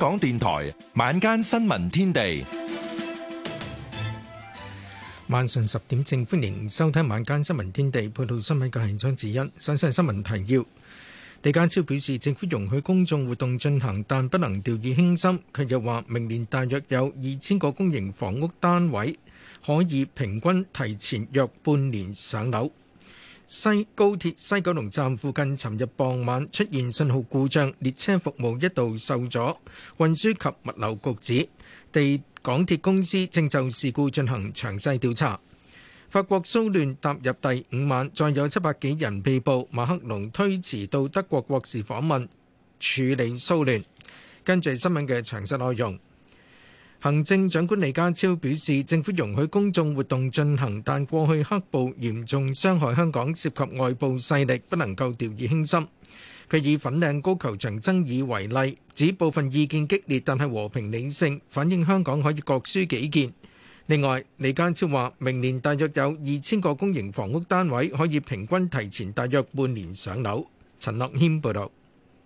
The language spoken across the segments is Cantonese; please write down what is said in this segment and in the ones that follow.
香港電台晚間新聞天地，晚上十點正，歡迎收聽晚間新聞天地。報道新聞嘅係張子欣，首先係新聞提要。李家超表示，政府容許公眾活動進行，但不能掉以輕心。佢又話，明年大約有二千個公營房屋單位可以平均提前約半年上樓。西高鐵西九龍站附近尋日傍晚出現信號故障，列車服務一度受阻。運輸及物流局指，地港鐵公司正就事故進行詳細調查。法國騷亂踏入第五晚，再有七百幾人被捕。馬克龍推遲到德國國事訪問處理騷亂。跟住新聞嘅詳細內容。行政長官李家超表示，政府容許公眾活動進行，但過去黑暴嚴重傷害香港，涉及外部勢力，不能夠掉以輕心。佢以粉嶺高球場爭議為例，指部分意見激烈，但係和平理性，反映香港可以各抒己見。另外，李家超話，明年大約有二千個公營房屋單位可以平均提前大約半年上樓。陳諾謙報道。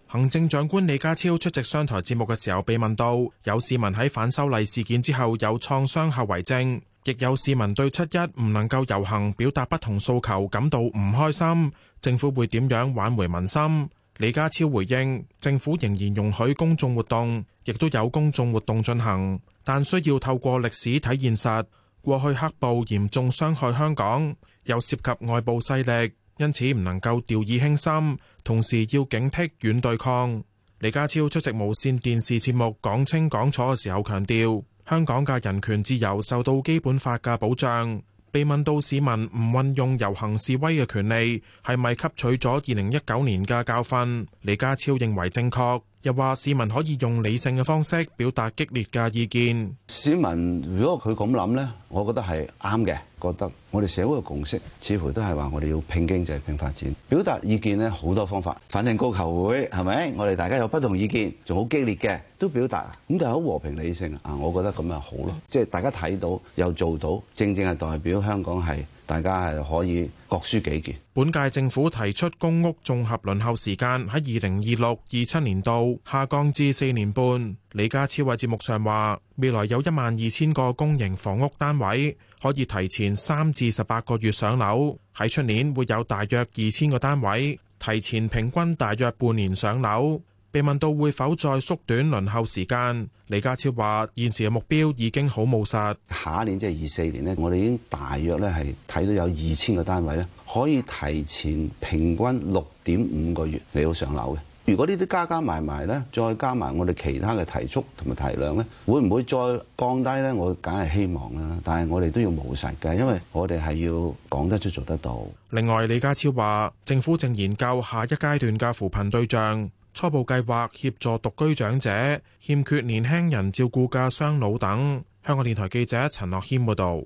行政長官李家超出席商台節目嘅時候，被問到有市民喺反修例事件之後有創傷後遺症，亦有市民對七一唔能夠遊行表達不同訴求感到唔開心，政府會點樣挽回民心？李家超回應，政府仍然容許公眾活動，亦都有公眾活動進行，但需要透過歷史睇現實。過去黑暴嚴重傷害香港，又涉及外部勢力。因此唔能夠掉以輕心，同時要警惕軟對抗。李家超出席無綫電視節目，講清講楚嘅時候強調，香港嘅人權自由受到基本法嘅保障。被問到市民唔運用遊行示威嘅權利，係咪吸取咗二零一九年嘅教訓，李家超認為正確。又話市民可以用理性嘅方式表達激烈嘅意見。市民如果佢咁諗呢，我覺得係啱嘅。覺得我哋社會嘅共識似乎都係話我哋要拼經濟、拼發展。表達意見呢，好多方法，反正高球會係咪？我哋大家有不同意見，仲好激烈嘅都表達。咁就係好和平理性啊，我覺得咁啊好咯。即係大家睇到又做到，正正係代表香港係。大家係可以各抒己見，本屆政府提出公屋綜合輪候時間喺二零二六二七年度下降至四年半。李家超喺節目上話，未來有一萬二千個公營房屋單位可以提前三至十八個月上樓，喺出年會有大約二千個單位提前平均大約半年上樓。被問到會否再縮短輪候時間，李家超話：現時嘅目標已經好務實。下一年即係二四年呢，我哋已經大約咧，係睇到有二千個單位咧，可以提前平均六點五個月嚟到上樓嘅。如果呢啲加加埋埋咧，再加埋我哋其他嘅提速同埋提量咧，會唔會再降低咧？我梗係希望啦，但係我哋都要務實嘅，因為我哋係要講得出做得到。另外，李家超話：政府正研究下一階段嘅扶貧對象。初步計劃協助獨居長者、欠缺年輕人照顧嘅雙老等。香港電台記者陳樂軒報導。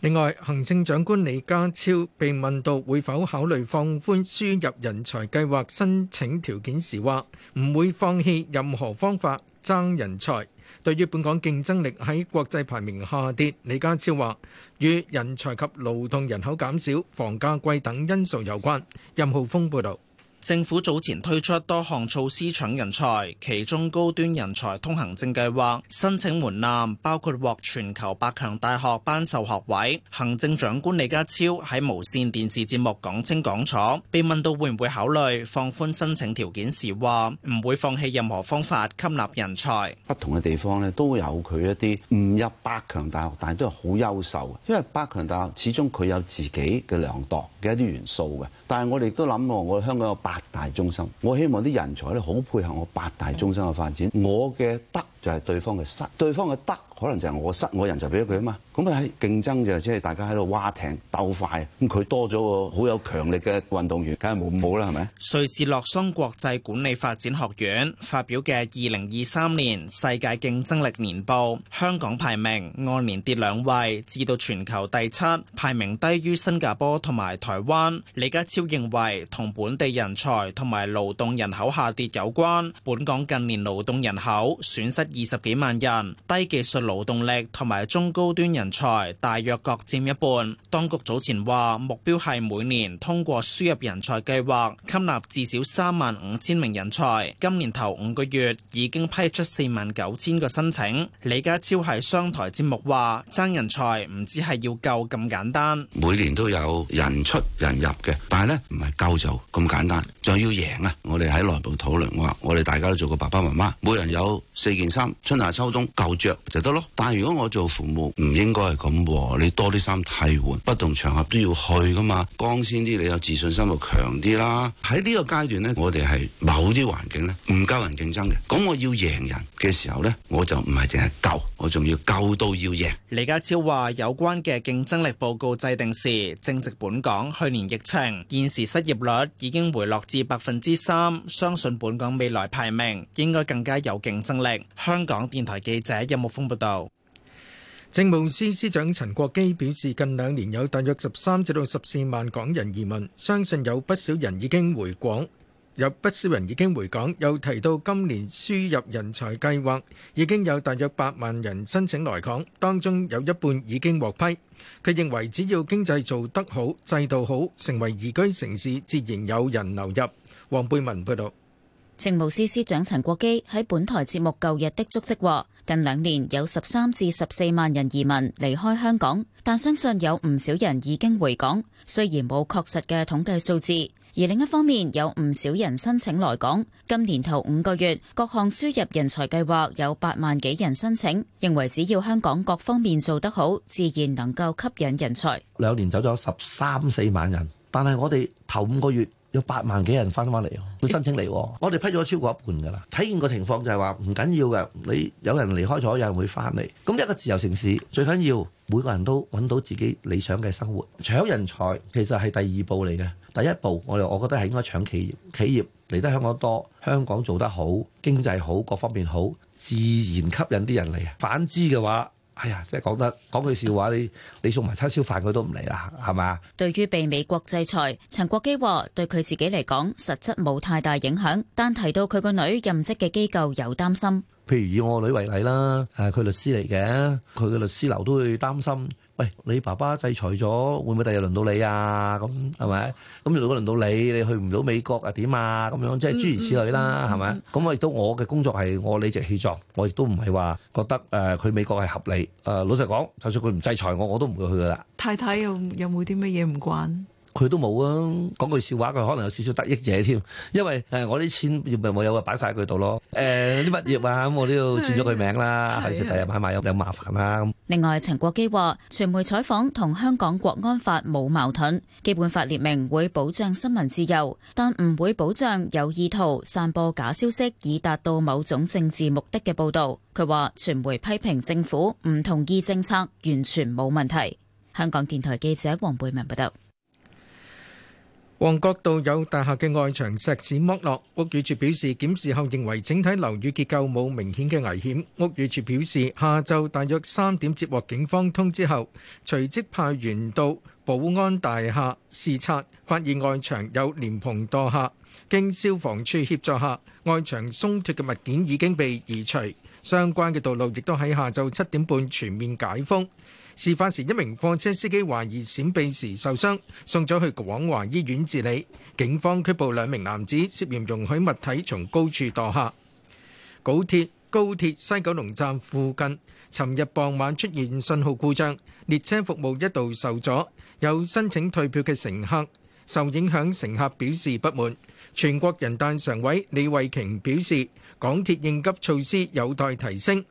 另外，行政長官李家超被問到會否考慮放寬輸入人才計劃申請條件時，話唔會放棄任何方法爭人才。對於本港競爭力喺國際排名下跌，李家超話與人才及勞動人口減少、房價貴等因素有關。任浩峰報導。政府早前推出多項措施搶人才，其中高端人才通行證計劃申請門檻包括獲全球百強大學頒授學位。行政長官李家超喺無綫電視節目講清講楚，被問到會唔會考慮放寬申請條件時話唔會放棄任何方法吸納人才。不同嘅地方咧，都有佢一啲唔入百強大學，但係都係好優秀，因為百強大學始終佢有自己嘅量度嘅一啲元素嘅。但係我哋亦都諗過，我哋香港有八大中心，我希望啲人才咧好配合我八大中心嘅發展。我嘅得就係、是、對方嘅失，對方嘅得。德可能就係我失，我人就俾咗佢啊嘛，咁佢喺競爭就即係大家喺度蛙艇鬥快，咁、嗯、佢多咗個好有強力嘅運動員梗係冇冇啦，係咪？瑞士洛桑國際管理發展學院發表嘅二零二三年世界競爭力年報，香港排名按年跌兩位，至到全球第七，排名低於新加坡同埋台灣。李家超認為同本地人才同埋勞動人口下跌有關，本港近年勞動人口損失二十幾萬人，低技術。勞動力同埋中高端人才大約各佔一半。當局早前話目標係每年通過輸入人才計劃吸納至少三萬五千名人才。今年頭五個月已經批出四萬九千個申請。李家超係商台節目話，爭人才唔止係要夠咁簡單，每年都有人出人入嘅，但係咧唔係夠就咁簡單，仲要贏啊！我哋喺內部討論，話我哋大家都做過爸爸媽媽，每人有四件衫，春夏秋冬夠着就得。但係如果我做父母，唔應該係咁，你多啲衫替換，不同場合都要去噶嘛。光鮮啲，你有自信心就強啲啦。喺呢個階段咧，我哋係某啲環境咧唔夠人競爭嘅。咁我要贏人嘅時候咧，我就唔係淨係夠，我仲要夠到要贏。李家超話，有關嘅競爭力報告制定時，正值本港去年疫情，現時失業率已經回落至百分之三，相信本港未來排名應該更加有競爭力。香港電台記者任木峯報道。政務司司長陳國基表示，近兩年有大約十三至到十四萬港人移民，相信有不少人已經回港，有不少人已經回港。又提到今年輸入人才計劃已經有大約八萬人申請來港，當中有一半已經獲批。佢認為只要經濟做得好、制度好，成為宜居城市，自然有人流入。黃貝文報道。政務司司長陳國基喺本台節目《舊日的足跡》話。近兩年有十三至十四萬人移民離開香港，但相信有唔少人已經回港，雖然冇確實嘅統計數字。而另一方面有唔少人申請來港，今年頭五個月，各項輸入人才計劃有八萬幾人申請。認為只要香港各方面做得好，自然能夠吸引人才。兩年走咗十三、四萬人，但係我哋頭五個月有八萬幾人翻翻嚟，會申請嚟， 我哋批咗超過一半㗎喇。睇見個情況就係話唔緊要嘅，你有人離開咗，有人會翻嚟。咁一個自由城市最緊要每個人都揾到自己理想嘅生活。搶人才其實係第二步嚟嘅，第一步我哋我覺得係應該搶企業，企業嚟得香港多，香港做得好，經濟好，各方面好，自然吸引啲人嚟。反之嘅話。哎呀，即係講得講句笑話，你你送埋叉燒飯佢都唔嚟啦，係嘛？對於被美國制裁，陳國基話對佢自己嚟講實質冇太大影響，但提到佢個女任職嘅機構又擔心。譬如以我個女為例啦，誒，佢律師嚟嘅，佢嘅律師樓都會擔心。喂，你爸爸制裁咗，會唔會第日輪到你啊？咁係咪？咁如果輪到你，你去唔到美國，又點啊？咁樣即係諸如此類啦，係咪、嗯？咁我亦都我嘅工作係我理直氣壯，我亦都唔係話覺得誒去、呃、美國係合理。誒、呃、老實講，就算佢唔制裁我，我都唔會去噶啦。太太有有冇啲咩嘢唔慣？佢都冇啊！講句笑話，佢可能有少少得益者添，因為誒我啲錢唔係冇有啊，擺晒佢度咯。誒啲物業啊，咁我都要轉咗佢名啦，費事第日買賣有有麻煩啦。另外，陳國基話，傳媒採訪同香港國安法冇矛盾，基本法列明會保障新聞自由，但唔會保障有意圖散播假消息以達到某種政治目的嘅報導。佢話傳媒批評政府唔同意政策，完全冇問題。香港電台記者黃貝文報道。旺角道有大廈嘅外牆石屎剝落，屋宇署表示檢視後認為整體樓宇結構冇明顯嘅危險。屋宇署表示，下晝大約三點接獲警方通知後，隨即派員到保安大廈視察，發現外牆有蓮蓬墮下。經消防處協助下，外牆鬆脫嘅物件已經被移除，相關嘅道路亦都喺下晝七點半全面解封。事發時，一名貨車司機懷疑閃避時受傷，送咗去廣華醫院治理。警方拘捕兩名男子，涉嫌容許物體從高處墮下。港鐵高鐵西九龍站附近，尋日傍晚出現信號故障，列車服務一度受阻。有申請退票嘅乘客受影響，乘客表示不滿。全國人大常委李慧瓊表示，港鐵應急措施有待提升。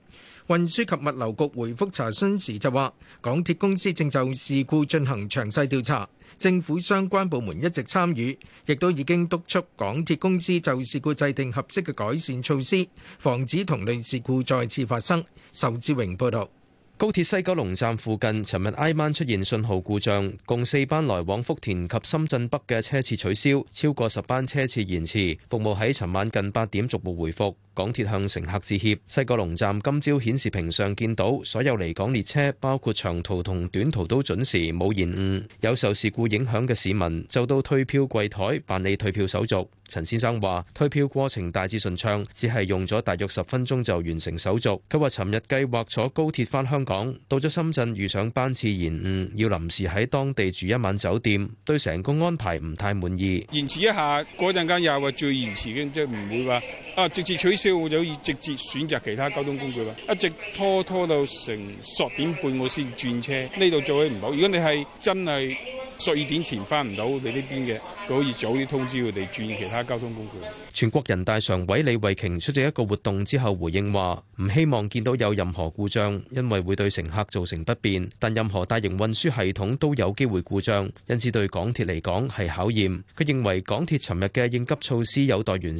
運輸及物流局回覆查詢時就話，港鐵公司正就事故進行詳細調查，政府相關部門一直參與，亦都已經督促港鐵公司就事故制定合適嘅改善措施，防止同類事故再次發生。仇志榮報道，高鐵西九龍站附近尋日挨晚出現信號故障，共四班來往福田及深圳北嘅車次取消，超過十班車次延遲，服務喺尋晚近八點逐步回復。港鐵向乘客致歉，西九龍站今朝顯示屏上見到所有離港列車，包括長途同短途都準時，冇延誤。有受事故影響嘅市民就到退票櫃台辦理退票手續。陳先生話退票過程大致順暢，只係用咗大約十分鐘就完成手續。佢話尋日計劃坐高鐵返香港，到咗深圳遇上班次延誤，要臨時喺當地住一晚酒店，對成個安排唔太滿意。延遲一下，嗰陣間又話最延遲嘅，即係唔會話啊直接取消。就可以直接選擇其他交通工具啦，一直拖拖到成十點半我先轉車，呢度做起唔到。如果你係真係十二點前返唔到你呢邊嘅。佢可以早啲通知佢哋轉其他交通工具。全國人大常委李慧瓊出席一個活動之後，回應話唔希望見到有任何故障，因為會對乘客造成不便。但任何大型運輸系統都有機會故障，因此對港鐵嚟講係考驗。佢認為港鐵尋日嘅應急措施有待完善，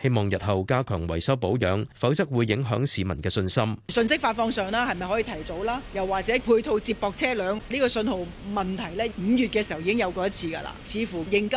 希望日後加強維修保養，否則會影響市民嘅信心。信息發放上啦，係咪可以提早啦？又或者配套接駁車輛呢個信號問題咧？五月嘅時候已經有過一次㗎啦，似乎應急，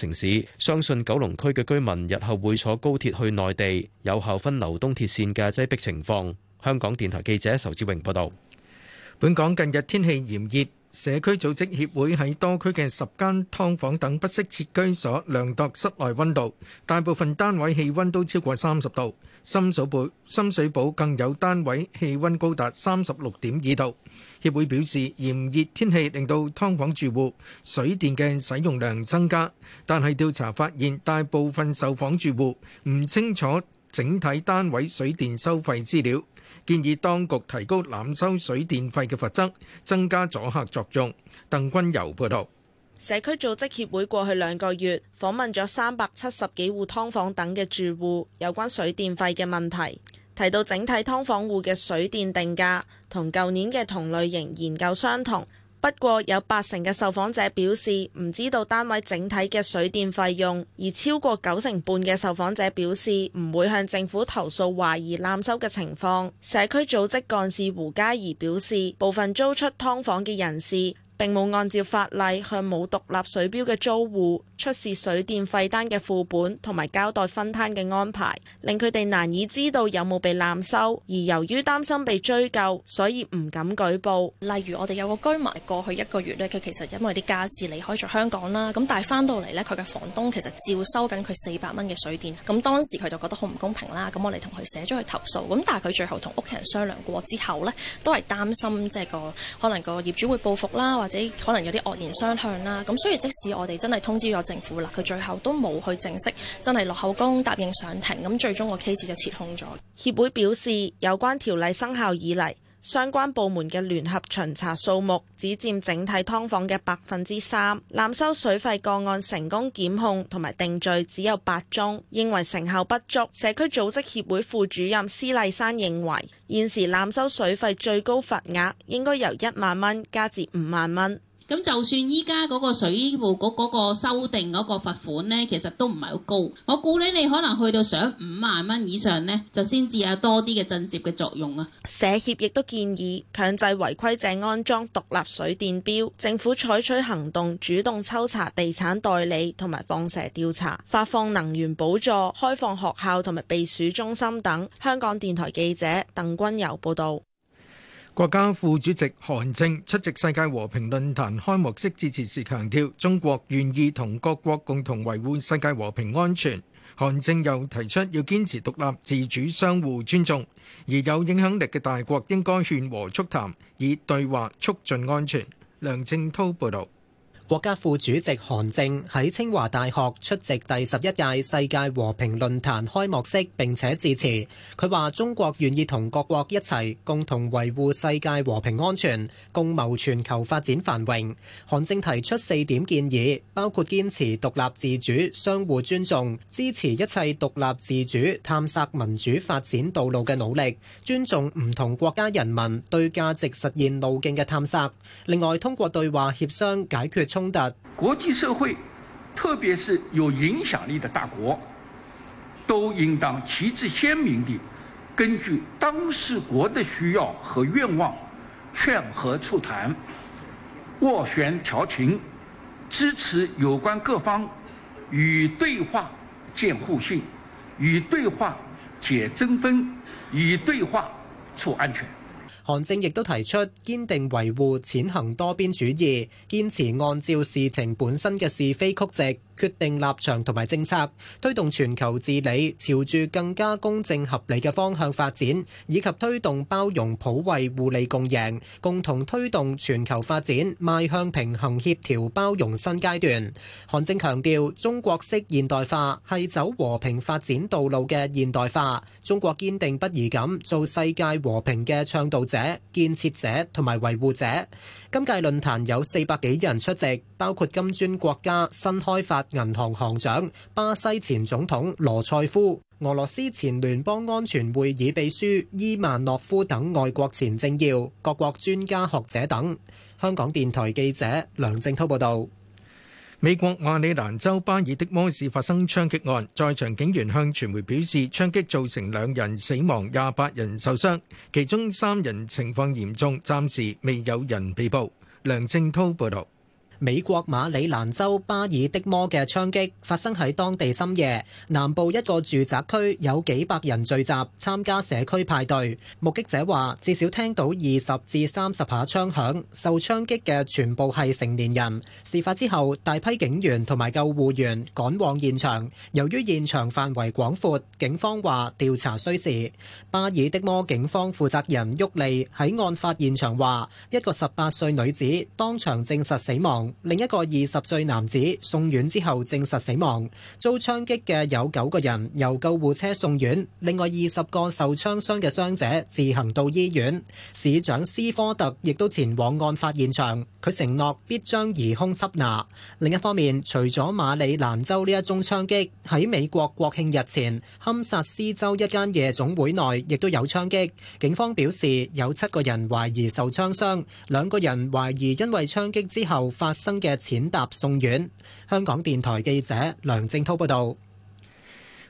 城市，相信九龍區嘅居民日後會坐高鐵去內地，有效分流東鐵線嘅擠迫情況，香港電台記者仇志榮報道。本港近日天氣炎熱。社區組織協會喺多區嘅十間劏房等不適切居所量度室內温度，大部分單位氣温都超過三十度，深水埗深水埗更有單位氣温高達三十六點二度。協會表示，炎熱天氣令到劏房住戶水電嘅使用量增加，但係調查發現，大部分受訪住戶唔清楚。整體單位水電收費資料，建議當局提高濫收水電費嘅罰則，增加阻嚇作用。鄧君柔報道。社區組織協會過去兩個月訪問咗三百七十幾戶劏房等嘅住戶有關水電費嘅問題，提到整體劏房戶嘅水電定價同舊年嘅同類型研究相同。不過，有八成嘅受訪者表示唔知道單位整體嘅水電費用，而超過九成半嘅受訪者表示唔會向政府投訴懷疑濫收嘅情況。社區組織幹事胡嘉怡表示，部分租出劏房嘅人士，並冇按照法例向冇獨立水表嘅租戶出示水電費單嘅副本，同埋交代分攤嘅安排，令佢哋難以知道有冇被濫收。而由於擔心被追究，所以唔敢舉報。例如我哋有個居民過去一個月呢，佢其實因為啲家事離開咗香港啦，咁但係翻到嚟呢，佢嘅房東其實照收緊佢四百蚊嘅水電。咁當時佢就覺得好唔公平啦。咁我哋同佢寫咗去投訴。咁但係佢最後同屋企人商量過之後呢，都係擔心即係個可能個業主會報復啦，或可能有啲惡言相向啦，咁所以即使我哋真係通知咗政府啦，佢最後都冇去正式真係落口供，答應上庭，咁最終個 case 就撤控咗。協會表示，有關條例生效以嚟。相關部門嘅聯合巡查數目只佔整體劏房嘅百分之三，濫收水費個案成功檢控同埋定罪只有八宗，認為成效不足。社區組織協會副主任施麗珊認為，現時濫收水費最高罰額應該由一萬蚊加至五萬蚊。咁就算依家嗰個水務局嗰個修訂嗰個罰款咧，其實都唔係好高。我估咧，你可能去到上五萬蚊以上咧，就先至有多啲嘅震懾嘅作用啊。社協亦都建議強制違規者安裝獨立水電表，政府採取行動，主動抽查地產代理同埋放蛇調查，發放能源補助，開放學校同埋避暑中心等。香港電台記者鄧君遊報道。國家副主席韓正出席世界和平論壇開幕式致辭時強調，中國願意同各國共同維護世界和平安全。韓正又提出要堅持獨立自主、相互尊重，而有影響力嘅大國應該勸和促談，以對話促進安全。梁正濤報道。國家副主席韓正喺清華大學出席第十一屆世界和平論壇開幕式，並且致辭。佢話：中國願意同各國一齊，共同維護世界和平安全，共謀全球發展繁榮。韓正提出四點建議，包括堅持獨立自主、相互尊重，支持一切獨立自主探索民主發展道路嘅努力，尊重唔同國家人民對價值實現路徑嘅探索。另外，通過對話協商解決衝國際社會，特別是有影響力的大國，都應當旗幟鮮明地根據當事國的需要和願望，勸和促談，斡旋調停，支持有關各方與對話建互信，與對話解爭紛，與對話促安全。韓正亦都提出，堅定維護踐行多邊主義，堅持按照事情本身嘅是非曲直，決定立場同埋政策，推動全球治理朝住更加公正合理嘅方向發展，以及推動包容普惠互利共贏，共同推動全球發展，邁向平衡協調包容新階段。韓正強調，中國式現代化係走和平發展道路嘅現代化，中國堅定不移咁做世界和平嘅倡導者、建設者同埋維護者。今屆論壇有四百幾人出席，包括金磚國家、新開發銀行行長、巴西前總統羅塞夫、俄羅斯前聯邦安全會議秘書伊萬諾夫等外國前政要、各國專家學者等。香港電台記者梁正濤報道。美國馬里蘭州巴爾的摩市發生槍擊案，在場警員向傳媒表示，槍擊造成兩人死亡、廿八人受傷，其中三人情況嚴重，暫時未有人被捕。梁正濤報道。美國馬里蘭州巴爾的摩嘅槍擊發生喺當地深夜，南部一個住宅區有幾百人聚集參加社區派對。目擊者話至少聽到二十至三十下槍響，受槍擊嘅全部係成年人。事發之後，大批警員同埋救護員趕往現場。由於現場範圍廣闊，警方話調查需時。巴爾的摩警方負責人沃利喺案發現場話：一個十八歲女子當場證實死亡。另一個二十歲男子送院之後證實死亡。遭槍擊嘅有九個人由救護車送院，另外二十個受槍傷嘅傷者自行到醫院。市長斯科特亦都前往案發現場，佢承諾必將疑兇緝拿。另一方面，除咗馬里蘭州呢一宗槍擊，喺美國國慶日前堪薩斯州一間夜總會內亦都有槍擊。警方表示有七個人懷疑受槍傷，兩個人懷疑因為槍擊之後發生。生嘅踐踏送院。香港電台記者梁正濤報道。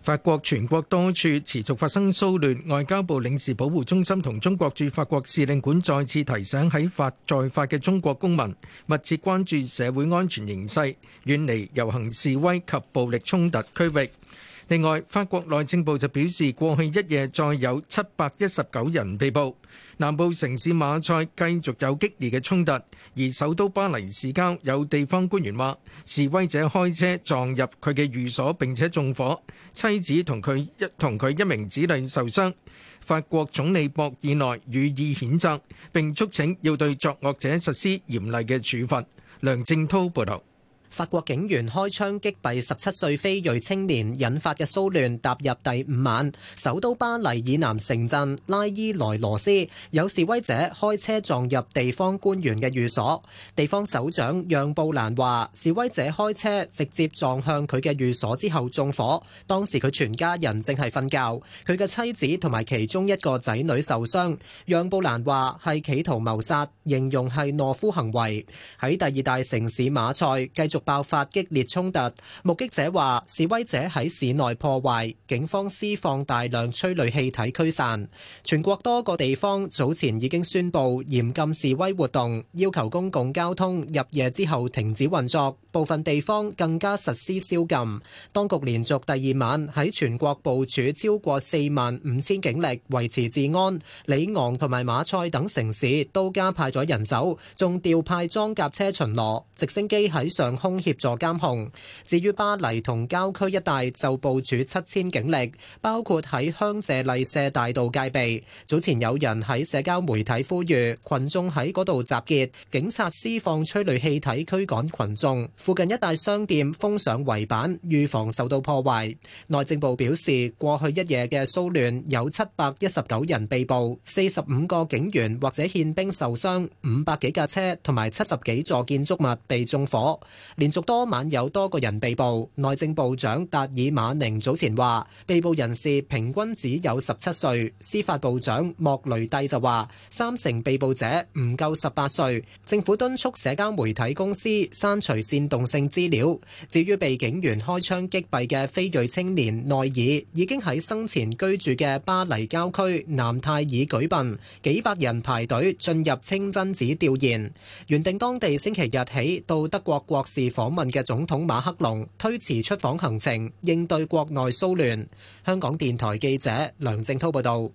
法國全國多處持續發生騷亂，外交部領事保護中心同中國駐法國使領館再次提醒喺法在法嘅中國公民，密切關注社會安全形勢，遠離遊行示威及暴力衝突區域。另外，法國內政部就表示，過去一夜再有七百一十九人被捕。南部城市馬賽繼續有激烈嘅衝突，而首都巴黎市郊有地方官員話示威者開車撞入佢嘅寓所並且縱火，妻子同佢一同佢一名子女受傷。法國總理博爾內予以譴責，並促請要對作惡者實施嚴厲嘅處罰。梁正滔報道。法國警員開槍擊斃十七歲非裔青年，引發嘅騷亂踏入第五晚。首都巴黎以南城鎮拉伊萊羅斯有示威者開車撞入地方官員嘅寓所，地方首長讓布蘭話示威者開車直接撞向佢嘅寓所之後縱火，當時佢全家人正係瞓覺，佢嘅妻子同埋其中一個仔女受傷。讓布蘭話係企圖謀殺，形容係懦夫行為。喺第二大城市馬賽繼續爆發激烈衝突，目擊者話示威者喺市內破壞，警方施放大量催淚氣體驅散。全國多個地方早前已經宣布嚴禁示威活動，要求公共交通入夜之後停止運作。部分地方更加實施宵禁，當局連續第二晚喺全國部署超過四萬五千警力維持治安。里昂同埋馬賽等城市都加派咗人手，仲調派裝甲車巡邏，直升機喺上空協助監控。至於巴黎同郊區一帶就部署七千警力，包括喺香榭麗舍大道戒備。早前有人喺社交媒體呼籲群眾喺嗰度集結，警察施放催淚氣體驅趕群眾。附近一大商店封上圍板，預防受到破壞。內政部表示，過去一夜嘅騷亂有七百一十九人被捕，四十五個警員或者憲兵受傷，五百幾架車同埋七十幾座建築物被縱火。連續多晚有多個人被捕。內政部長達爾馬寧早前話，被捕人士平均只有十七歲。司法部長莫雷蒂就話，三成被捕者唔夠十八歲。政府敦促社交媒體公司刪除煽動性資料。至於被警員開槍擊斃嘅非裔青年內爾，已經喺生前居住嘅巴黎郊區南泰爾舉辦，幾百人排隊進入清真寺悼念。原定當地星期日起到德國國事訪問嘅總統馬克龍，推遲出訪行程，應對國內騷亂。香港電台記者梁正滔報導。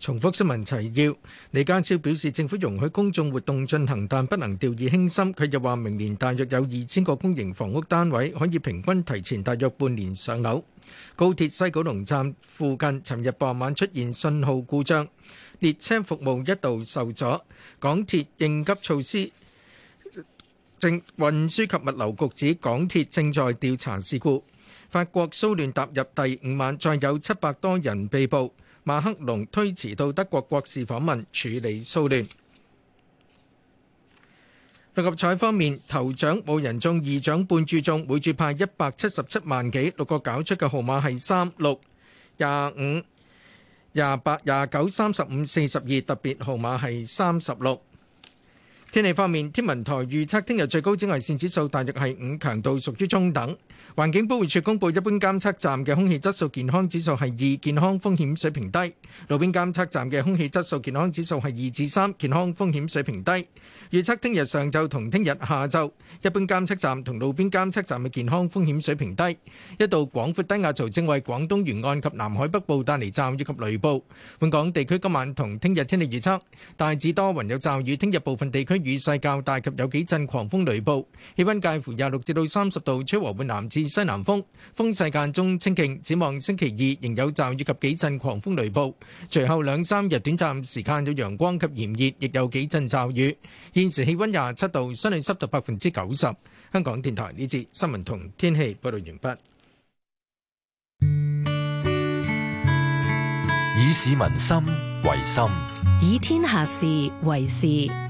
重複新聞提要。李家超表示，政府容許公眾活動進行，但不能掉以輕心。佢又話，明年大約有二千個公營房屋單位可以平均提前大約半年上樓。高鐵西九龍站附近，尋日傍晚出現信號故障，列車服務一度受阻。港鐵應急措施。正。運輸及物流局指，港鐵正在調查事故。法國騷亂踏入第五晚，再有七百多人被捕。馬克龍推遲到德國國事訪問處理騷亂。六合彩方面，頭獎冇人中，二獎半注中，每注派一百七十七萬幾。六個搞出嘅號碼係三六廿五廿八廿九三十五四十二，特別號碼係三十六。天氣方面，天文台預測聽日最高紫外線指數大約係五，強度屬於中等。環境保護署公布，一般監測站嘅空氣質素健康指數係二，健康風險水平低；路邊監測站嘅空氣質素健康指數係二至三，健康風險水平低。預測聽日上晝同聽日下晝，一般監測站同路邊監測站嘅健康風險水平低。一道廣闊低壓槽正為廣東沿岸及南海北部帶嚟驟雨及雷暴。本港地區今晚同聽日天氣預測大致多雲有驟雨，聽日部分地區，雨勢較大及有幾陣狂風雷暴，氣温介乎廿六至到三十度，吹和緩南至西南風，風勢間中清勁。展望星期二仍有驟雨及幾陣狂風雷暴，隨後兩三日短暫時間有陽光及炎熱，亦有幾陣驟雨。現時氣温廿七度，相對濕度百分之九十。香港電台呢節新聞同天氣報道完畢。以市民心為心，以天下事為事。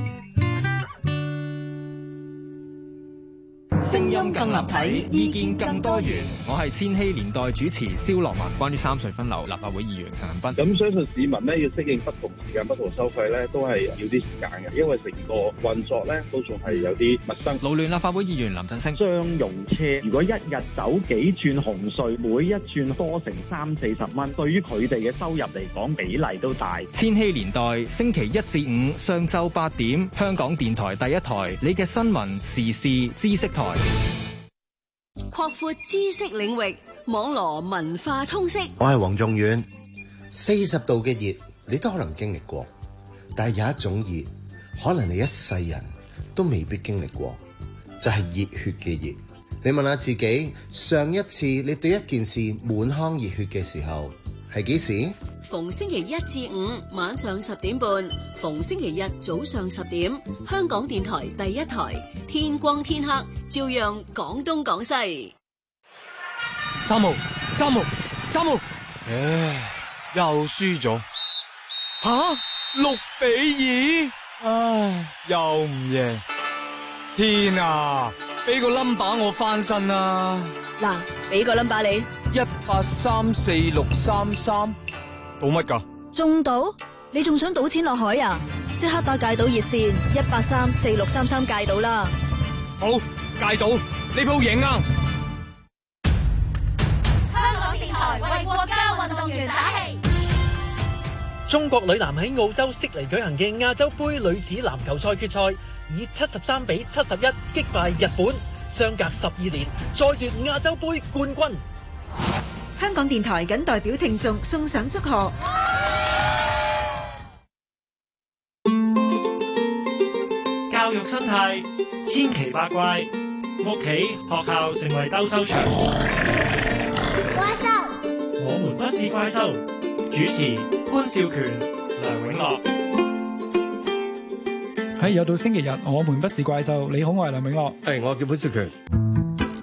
聲音更立體，意見更多元。我係千禧年代主持蕭樂文。關於三隧分流，立法會議員陳恒鑌。咁，相信市民呢要適應不同時間、不同收費呢，都係要啲時間嘅，因為成個運作呢都仲係有啲陌生。勞聯立法會議員林振昇：商用車如果一日走幾串紅隧，每一轉多成三四十蚊，對於佢哋嘅收入嚟講，比例都大。千禧年代星期一至五上晝八點，香港電台第一台，你嘅新聞時事知識台。擴闊知識領域，網羅文化通識。我係黃仲遠。四十度嘅熱，你都可能經歷過，但係有一種熱，可能你一世人都未必經歷過，就係、是、熱血嘅熱。你問下自己，上一次你對一件事滿腔熱血嘅時候係幾時？逢星期一至五晚上十點半，逢星期日早上十點，香港電台第一台，天光天黑照樣講東講西。三毛，三毛，三毛，唉，又輸咗。吓，六比二，唉，又唔贏。天啊，俾個 number 我翻身啊。嗱，俾個 number 你，一八三四六三三。賭乜噶？中到？你仲想賭錢落海啊？即刻打戒賭熱線一八三四六三三戒賭啦！好，戒賭呢鋪贏啊。香港電台為國家運動員打氣。中國女籃喺澳洲悉尼舉行嘅亞洲杯女子籃球賽決賽，以七十三比七十一擊敗日本，相隔十二年再奪亞洲杯冠軍。香港電台謹代表聽眾送上祝賀。教育生態千奇百怪，屋企、學校成為兜收場。怪獸獸，我們不是怪獸。主持：潘少權、梁永樂。喺、hey, 又到星期日，我們不是怪獸。你好，我係梁永樂。誒，hey, 我叫潘少權。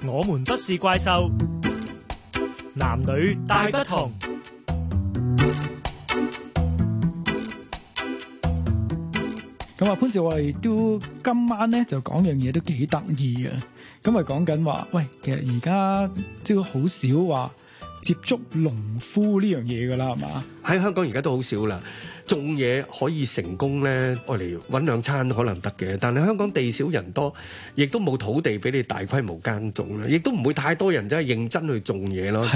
我們不是怪獸。男女大不同。咁啊，潘少，我哋都今晚咧就講樣嘢都幾得意嘅。咁啊，講緊話，喂，其實而家即係好少話接觸農夫呢樣嘢噶啦，係嘛？喺香港而家都好少啦，種嘢可以成功咧，我哋搵兩餐可能得嘅。但係香港地少人多，亦都冇土地俾你大規模耕種啦，亦都唔會太多人真係認真去種嘢咯。